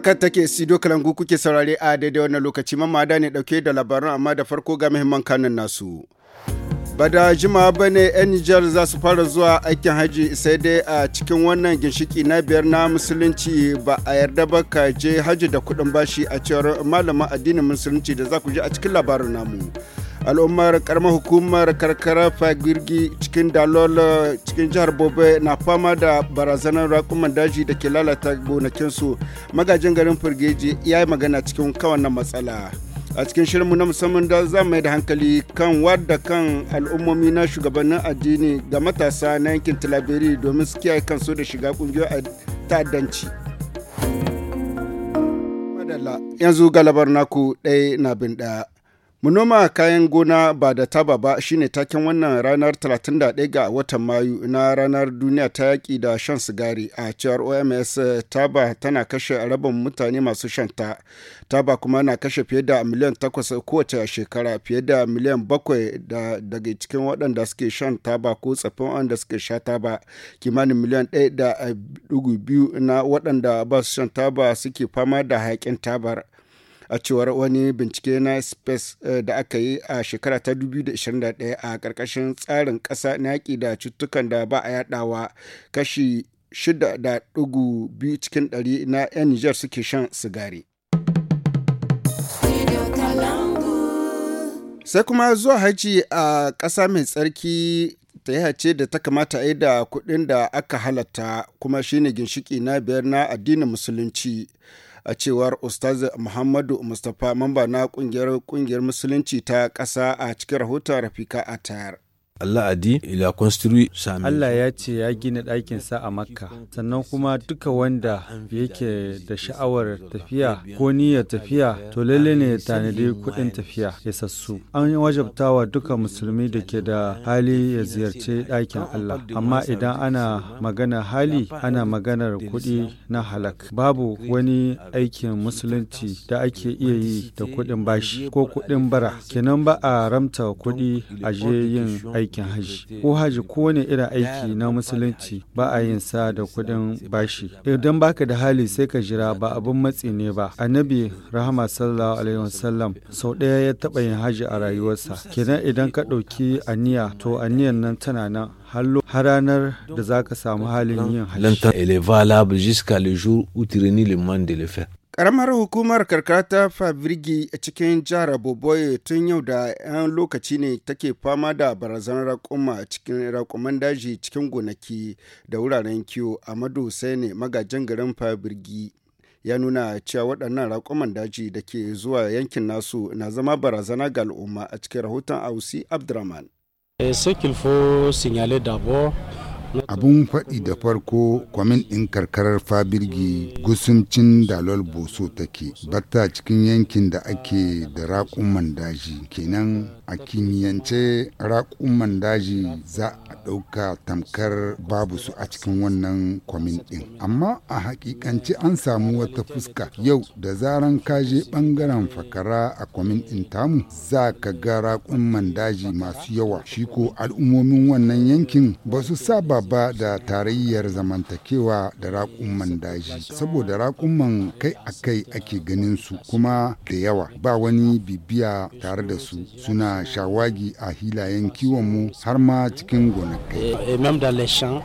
haka take sido kalangu kuke saurare a daidai wannan lokaci mamada ne dauke da labaran amma da farko ga muhimman kanin nasu. ba jima ba ne 'yan Nijar za su fara zuwa aikin haji sai dai a cikin wannan ginshiki na biyar na musulunci ba a yarda ba ka je haji da kuɗin bashi a cewar malamin addinin musulunci da za ku je a cikin labarin namu. al'ummar karamar hukumar karkara fagirgi cikin dalol cikin jihar bobe na fama da barazanar rakuman daji da ke lalata gonakinsu magajin garin firgeji ya yi magana cikin kawannan matsala a cikin shirinmu na musamman da za mai da hankali kan wadda kan al'ummomi na shugabannin addini ga matasa na yankin tilaberi domin su kiyaye kansu da shiga a ta'addanci yanzu galabar naku ɗaya na bin ɗaya Mu noma kayan gona ba da taba ba shine taken wannan ranar 31 ga watan Mayu na ranar duniya ta yaƙi da shan sigari a cewar OMS taba tana kashe rabin mutane masu shanta. Taba kuma na kashe fiye da miliyan takwas kowace shekara fiye da miliyan bakwai da daga cikin waɗanda suke shan taba ko tsaffin waɗanda suke sha taba kimanin miliyan ɗaya da biyu na waɗanda ba su shan taba suke fama da haƙin tabar. a cewar wani bincike na space eh, da aka yi a shekara ta 2021 a karkashin tsarin ƙasa na yaƙi da cututtukan da ba a yaɗawa kashi 6.2 cikin 100 na 'yan Nijar suke shan sigari. sai kuma zuwa haji a ƙasa mai tsarki ta ce da ta kamata a yi da kuɗin da aka halatta kuma shine ginshiki na biyar na addinin musulunci a cewar ustaz muhammadu mustapha mamba na kungiyar musulunci ta ƙasa a cikin rahoton rafika atayar Allah Allah ya ce ya gina ɗakinsa a Makka sannan kuma duka wanda yake da sha'awar tafiya ko niyyar tafiya to lalle ne tanadi kuɗin tafiya ya sassu an wajabta wa duka musulmi da ke da hali ya ziyarci ɗakin Allah amma idan ana magana hali ana maganar kuɗi na halak babu wani aikin musulunci da ake iya yi da kuɗin bashi ko kuɗin bara kenan ba a ramta kuɗi a yin aiki aikin haji ko hajji kowane irin aiki na musulunci ba a yin sa da kudin bashi idan baka da hali sai ka jira ba abin matsi ne ba annabi rahama sallallahu alaihi wasallam sau ɗaya ya taɓa yin hajji a rayuwarsa kenan idan ka ɗauki aniya to aniyan nan tana nan har ranar da zaka samu halin yin hajji. jusqu'à le Karamar hukumar karkara ta Fabrigi a cikin jihar Boboye tun yau da 'yan lokaci ne take fama da barazanar raƙuma cikin raƙuman daji cikin gonaki da wuraren kiwo Amadu sai ne magajin garin Fabrigi ya nuna cewa waɗannan raƙuman daji da ke zuwa yankin nasu na zama barazana ga al'umma a cikin rahoton Ausi Abdurrahman. Eh, abun faɗi da farko kwamin ɗin karkarar fabirgi gusuncin dalol boso take batta cikin yankin da ake da raƙuman daji kenan a kimiyyance raƙuman daji za a ɗauka tamkar babu su a cikin wannan kwamin ɗin amma a haƙiƙance an samu wata fuska yau da zaran kaje ɓangaren fakara a kwamin ɗin tamu za ka ga raƙuman daji masu yawa shi ko al'ummomin wannan yankin ba su saba kulawa da tarayyar zamantakewa da raƙumman daji saboda raƙumman kai a kai ake ganin su kuma da yawa ba wani bibiya tare da su suna shawagi a hilayen kiwon mu har ma cikin gonakai.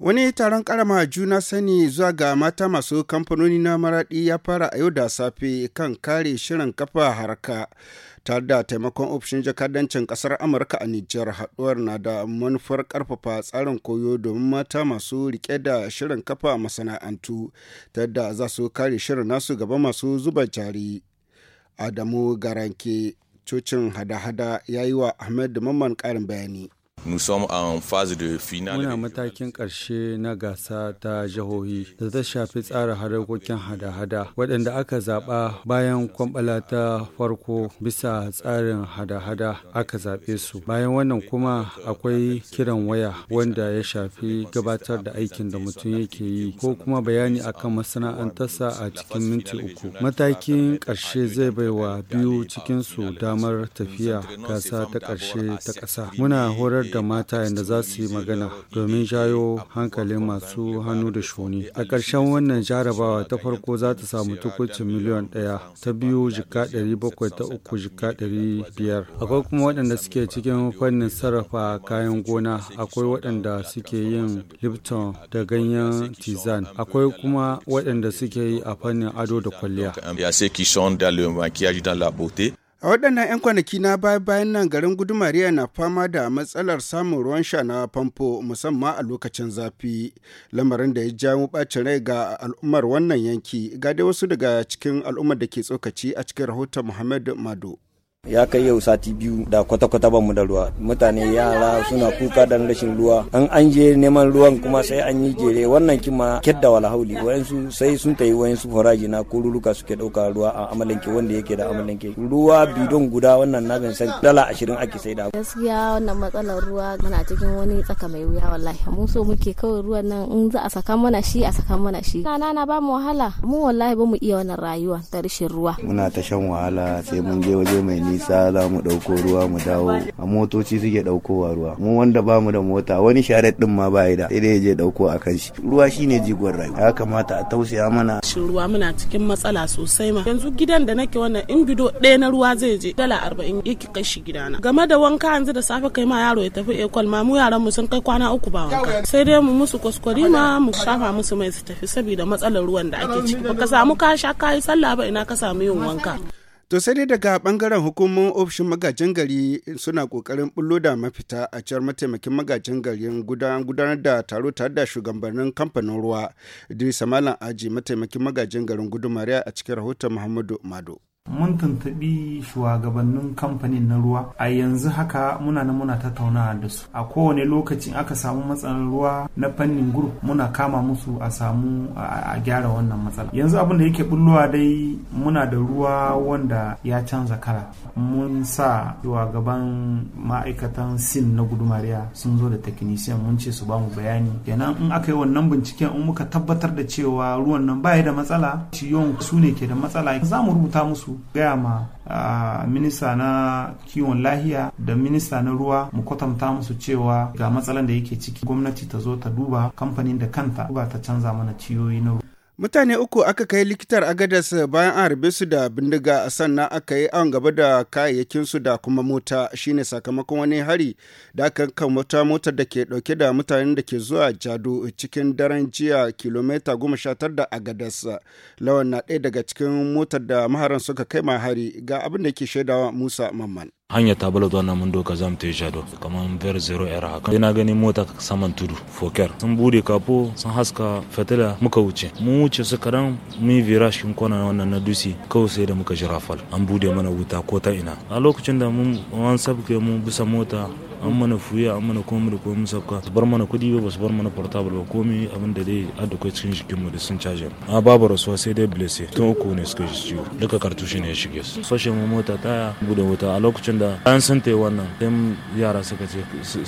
Wani taron karama juna sani zuwa ga mata masu kamfanoni na maraɗi ya fara a yau da safe kan kare shirin kafa harka. tare da taimakon ofishin jakadancin kasar amurka a nijar haduwar na da manufar karfafa tsarin koyo domin mata masu rike da shirin kafa masana'antu ta da za su kare shirin nasu gaba masu zuba jari adamu garanke cocin hada-hada ya yi wa ahmed mamman karin bayani Muna matakin ƙarshe na gasa ta jihohi da ta shafi tsara harkokin hada-hada waɗanda aka zaɓa bayan kwambala ta farko bisa tsarin hada-hada aka zaɓe su. Bayan wannan kuma akwai kiran waya wanda ya shafi gabatar da aikin da mutum yake yi ko kuma bayani akan masana'antarsa a cikin minti uku. Matakin ƙarshe zai baiwa biyu cikinsu damar tafiya gasa ta ƙarshe ta ƙasa. Muna horar da mata yadda za su yi magana domin jayo hankalin masu hannu da shuni. A ƙarshen wannan jarabawa ta farko za ta samu tukuncin miliyan ɗaya, ta biyu jika ɗari bakwai ta uku jika ɗari biyar. Akwai kuma waɗanda suke cikin fannin sarrafa kayan gona, akwai waɗanda suke yin Lipton da ganyen Tizan, akwai kuma waɗanda suke yi a fannin ado da kwalliya. A waɗannan 'yan kwanaki na baya bayan nan garin Gudumariya na fama da matsalar samun ruwan sha na famfo musamman a lokacin zafi, lamarin da ya jawo ɓacin rai ga al'ummar wannan yanki, ga dai wasu daga cikin al'ummar da ke tsokaci a cikin rahoton Muhammad Mado. ya kai yau sati biyu da kwata-kwata ba mu da ruwa mutane yara suna kuka da rashin ruwa an an je neman ruwan kuma sai an yi jere wannan kima kedda wala hauli wayansu sai sun tayi wayansu faraji na kururuka suke dauka ruwa a amalanke wanda yake da amalanke ruwa bidon guda wannan na gan san dala 20 ake sai da gaskiya wannan matsalar ruwa muna cikin wani tsaka mai wuya wallahi mu so muke kawai ruwan nan in za a saka mana shi a saka mana shi na na ba mu wahala mu wallahi ba mu iya wannan rayuwa ta rashin ruwa muna ta shan wahala sai mun je waje mai nisa za mu ɗauko ruwa mu dawo a motoci suke ɗaukowa ruwa mu wanda ba mu da mota wani sharar ɗin ma ba da sai dai je ɗauko a kan shi ruwa shine jigon rayuwa ya kamata a tausaya mana. shin ruwa muna cikin matsala sosai ma yanzu gidan da nake wannan in bido ɗaya na ruwa zai je dala arba'in yake kai shi gidana game da wanka yanzu da safe kai ma yaro ya tafi ekol ma mu yaran mu sun kai kwana uku ba wanka sai dai mu musu kwaskwari ma mu shafa musu mai su tafi saboda matsalar ruwan da ake ciki baka samu ka sha ka yi sallah ba ina ka samu yin wanka. To sai dai daga bangaren hukumomin ofishin magajin gari suna kokarin bullo da mafita a ciyar mataimakin magajin garin gudanar da taro tare da shugabannin kamfanin ruwa. Idris Malam Aji mataimakin magajin garin gudumariya a cikin rahoton Muhammadu Mado. mun tuntuɓi shugabannin kamfanin na ruwa a yanzu haka muna na muna tattaunawa da su a kowane lokacin aka samu matsalar ruwa na fannin group muna kama musu a samu a gyara wannan matsala yanzu abin da yake bullowa dai muna da ruwa wanda ya canza kala mun sa shugaban ma'aikatan sin na gudumariya sun zo da technician mun ce su ba mu bayani kenan in aka yi wannan binciken in muka tabbatar da cewa ruwan nan baya da matsala ciyon su ne ke da matsala za mu rubuta musu gaya ma minista na kiwon lahiya da minista na ruwa mu kwatanta musu cewa ga matsalan da yake ciki gwamnati ta zo ta duba kamfanin da kanta ba ta canza mana ciyoyi na ruwa Mutane uku aka kai likitar agadas bayan an harbe su da bindiga sannan aka yi an gaba da kayayyakinsu da kuma mota shine sakamakon wani hari da aka kan wata motar da ke dauke da mutanen da ke zuwa jadu cikin daren jiya kilomita goma sha tar da agadas lawan na ɗaya daga cikin motar da maharan suka kai ma hari ga abin da ke shaidawa musa mamman hanya ta bala zuwa mun doka mu ta yi shado kamar ver zero era haka ina gani mota saman tudu foker sun bude kafo sun haska fitila muka wuce mu wuce su kadan mu yi vira kona kwana wannan na dusi kawo sai da muka jira an bude mana wuta ko ta ina a lokacin da mun an sabke mu bisa mota an mana fuya an mana komai da komai sabka su bar mana kudi ba su bar mana portable ba komai abin da dai a kai cikin jikin mu da sun caje a babu rasuwa sai dai blesse tun uku ne suka ji ciwo duka kartushi ne ya shige su fashe mu mota ta bude wuta a lokacin da an san ta wannan sai yara suka ce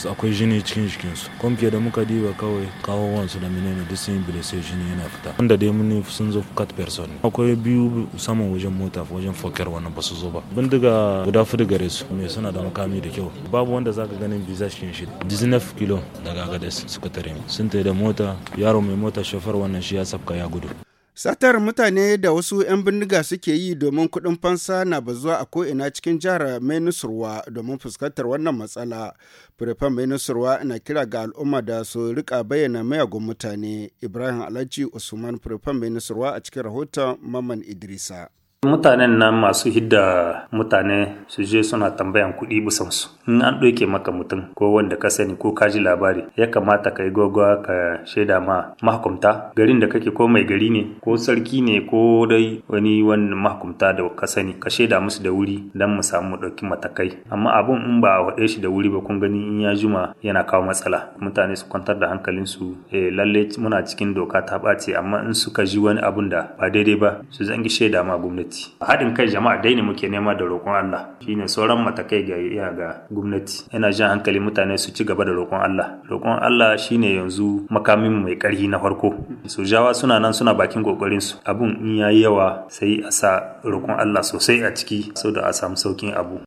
akwai jini cikin jikin su kwamfiya da muka diba kawai kawo wansu da menene duk sun yi jini yana fita wanda dai mun sun zo cut person akwai biyu saman wajen mota wajen fokar wannan ba su zo ba bindiga guda fudu gare su me suna da makami da kyau babu wanda zaka ganin bizas kin shi 19 kilo daga agades suka tare sun tai da mota yaro mai mota shafar wannan shi ya sabka ya gudu satar mutane da wasu 'yan bindiga suke yi domin kudin fansa na bazuwa a ko'ina cikin jihar mai nusurwa domin fuskantar wannan matsala firifan mai nusurwa na kira ga al'umma da su rika bayyana mayagun mutane ibrahim alhaji usman firifan mai nusurwa a cikin rahoton maman idrisa Mutanen nan masu hidda mutane su je suna tambayan kuɗi busansu In an ɗauke maka mutum ko wanda ka sani ko ka ji labari ya kamata ka yi gwagwa ka shaida ma mahakumta garin da kake ko mai gari ne ko sarki ne ko dai wani wani mahakumta da ka sani ka shaida musu da wuri don mu samu ɗauki matakai. Amma abun in ba a waɗe shi da wuri ba kun gani in ya juma yana kawo matsala. Mutane su kwantar da hankalinsu eh, lalle muna cikin doka ta ɓace amma in suka ji wani abun da ba daidai ba su zangi shaida ma gwamnati. gwamnati haɗin kai jama'a dai ne muke nema da roƙon Allah shine sauran matakai ga iya ga gwamnati yana jan hankali mutane su ci gaba da roƙon Allah roƙon Allah shine yanzu makamin mai ƙarfi na farko sojawa suna nan suna bakin kokarin su abun in yayi yawa sai a sa roƙon Allah sosai a ciki da a samu saukin abu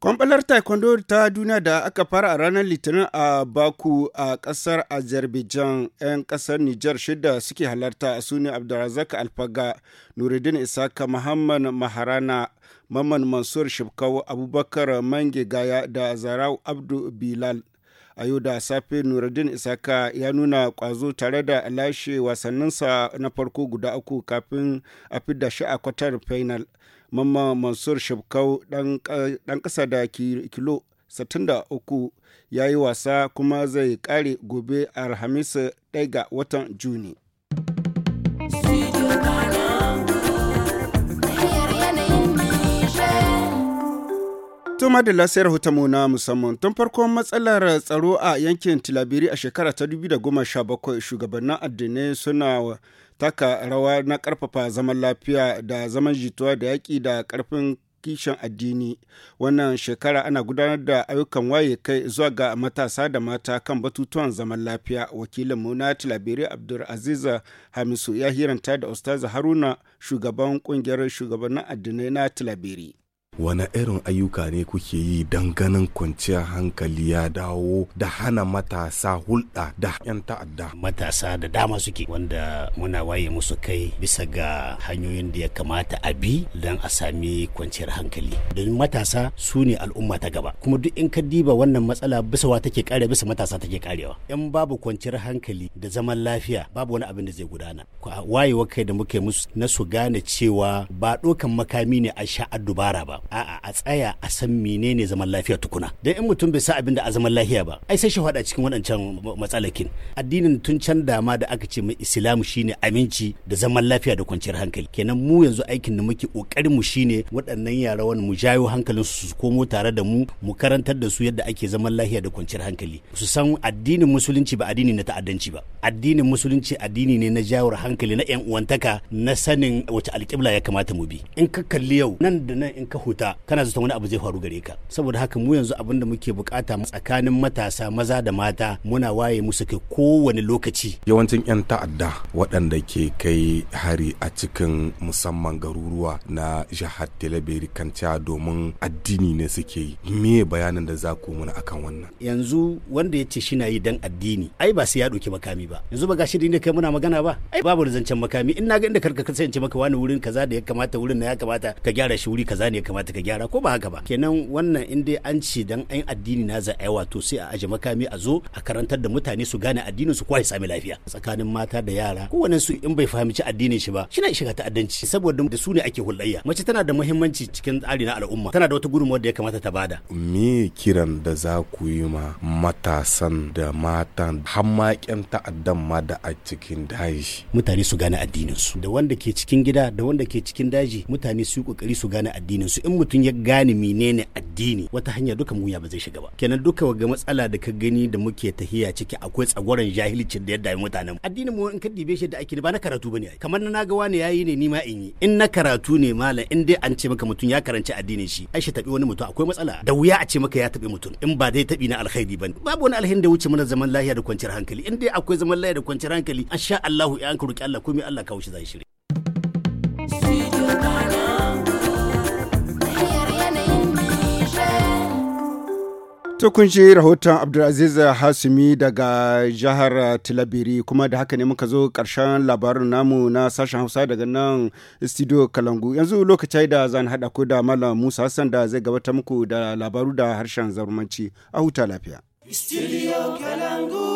kwamfalar taekwondo ta duniya da aka fara a ranar litinin a baku a ƙasar azerbaijan 'yan ƙasar nijar shida suke halarta su ne abdulrazak alfaga nuruddin isaka muhammad maharana mamman mansur shibkawo abubakar mange gaya da zarau abdu bilal a yau da safe nuruddin isaka ya nuna kwazo tare da lashe wasanninsa na farko guda uku kafin a fidda shi a kwatar final mamma mansur shabkau dan kasa da kilo 63 ya yi wasa kuma zai kare gobe alhamis 1 ga watan juni. To madalla sai rahotonmu na musamman tun farkon matsalar tsaro a yankin Tilabiri a shekara ta 2017 shugabannin addinai suna taka rawa na karfafa zaman lafiya da zaman jituwa da yaƙi da karfin kishin addini wannan shekara ana gudanar da ayyukan waye kai zuwa ga matasa da mata kan batutuwan zaman lafiya wakilin wakilinmu na tilabiri abdulaziz hamisu ya hiranta da ustaz haruna shugaban kungiyar shugabannin addinai na tilabiri wani irin ayyuka ne kuke yi don ganin kwanciyar hankali ya dawo da hana matasa hulɗa da 'yan ta'adda matasa da dama suke wanda muna waye musu kai bisa ga hanyoyin da ya kamata a bi don a sami kwanciyar hankali don matasa su ne al'umma ta gaba kuma duk in ka diba wannan matsala bisa wa take kare bisa matasa take karewa in babu kwanciyar hankali da zaman lafiya babu wani abin da zai gudana wayewa kai da muke musu na su gane cewa ba ɗokan makami ne a sha'ar dubara ba a'a a tsaya a san menene zaman lafiya tukuna dan in mutum bai sa abin da a zaman lafiya ba ai sai shi faɗa cikin waɗancan matsalakin addinin tun can dama da aka ce mai islamu shine aminci da zaman lafiya da kwanciyar hankali kenan mu yanzu aikin da muke kokarin mu shine waɗannan yara wani mu jayo hankalin su komo tare da mu mu karantar da su yadda ake zaman lafiya da kwanciyar hankali su san addinin musulunci ba addini na ta'addanci ba addinin musulunci addini ne na jawar hankali na yan uwantaka na sanin wace alƙibla ya kamata mu bi in ka kalli yau nan da nan in ka wuta kana zaton wani abu zai faru gare ka saboda haka mu yanzu abin da muke bukata tsakanin matasa maza da mata muna waye musu kai kowane lokaci yawancin yan ta'adda waɗanda ke kai hari a cikin musamman garuruwa na jihar Talabiri Kancia domin addini ne suke yi me bayanin da za ku muna akan wannan yanzu wanda ya ce shi na yi dan addini ai ba sai ya ɗauki makami ba yanzu ba shi ne kai muna magana ba ai babu zancen makami in na ga inda karka kasance maka wani wurin kaza da ya kamata wurin na ya kamata ka gyara shi wuri kaza ne ya kamata ta ka gyara ko ba haka ba kenan wannan in dai an ce dan an addini na za a wato sai a aje makami a zo a karantar da mutane su gane addinin su kuwa ya sami lafiya tsakanin mata da yara kowanne su in bai fahimci addinin shi ba shina shiga ta'addanci saboda da su ne ake hulayya mace tana da muhimmanci cikin tsari na al'umma tana da wata gudunmawar da ya kamata ta bada me kiran da za ku yi ma matasan da matan hammaƙen ta'addan ma da a cikin daji mutane su gane addinin su da wanda ke cikin gida da wanda ke cikin daji mutane su yi kokari su gane addinin su in mutum ya gane menene addini wata hanya duka muya ba zai shiga ba kenan duka ga matsala da ka gani da muke tahiya ciki akwai tsagoran jahilcin da ya dami mutanen addinin mu in ka dibe shi da ake ba na karatu bane ai kamar na ga wani yayi ne ni ma in yi in na karatu ne malam in dai an ce maka mutum ya karanci addinin shi ai shi tabi wani mutum akwai matsala da wuya a ce maka ya tabi mutum in ba dai tabi na alkhairi bane babu wani alhin da wuce mana zaman lafiya da kwanciyar hankali in dai akwai zaman lafiya da kwanciyar hankali insha Allah ya an ka roki Allah komai Allah kawo shi zai shiri To kun ji rahoton Abdulaziz Hasumi daga jihar Tilabiri kuma da haka ne muka zo karshen labarin namu na sashen Hausa daga nan studio Kalangu. Yanzu lokaci da zan haɗa ku da Malam Musa Hassan da zai gabata muku da labaru da harshen zarumanci. A huta lafiya. Studio Kalangu.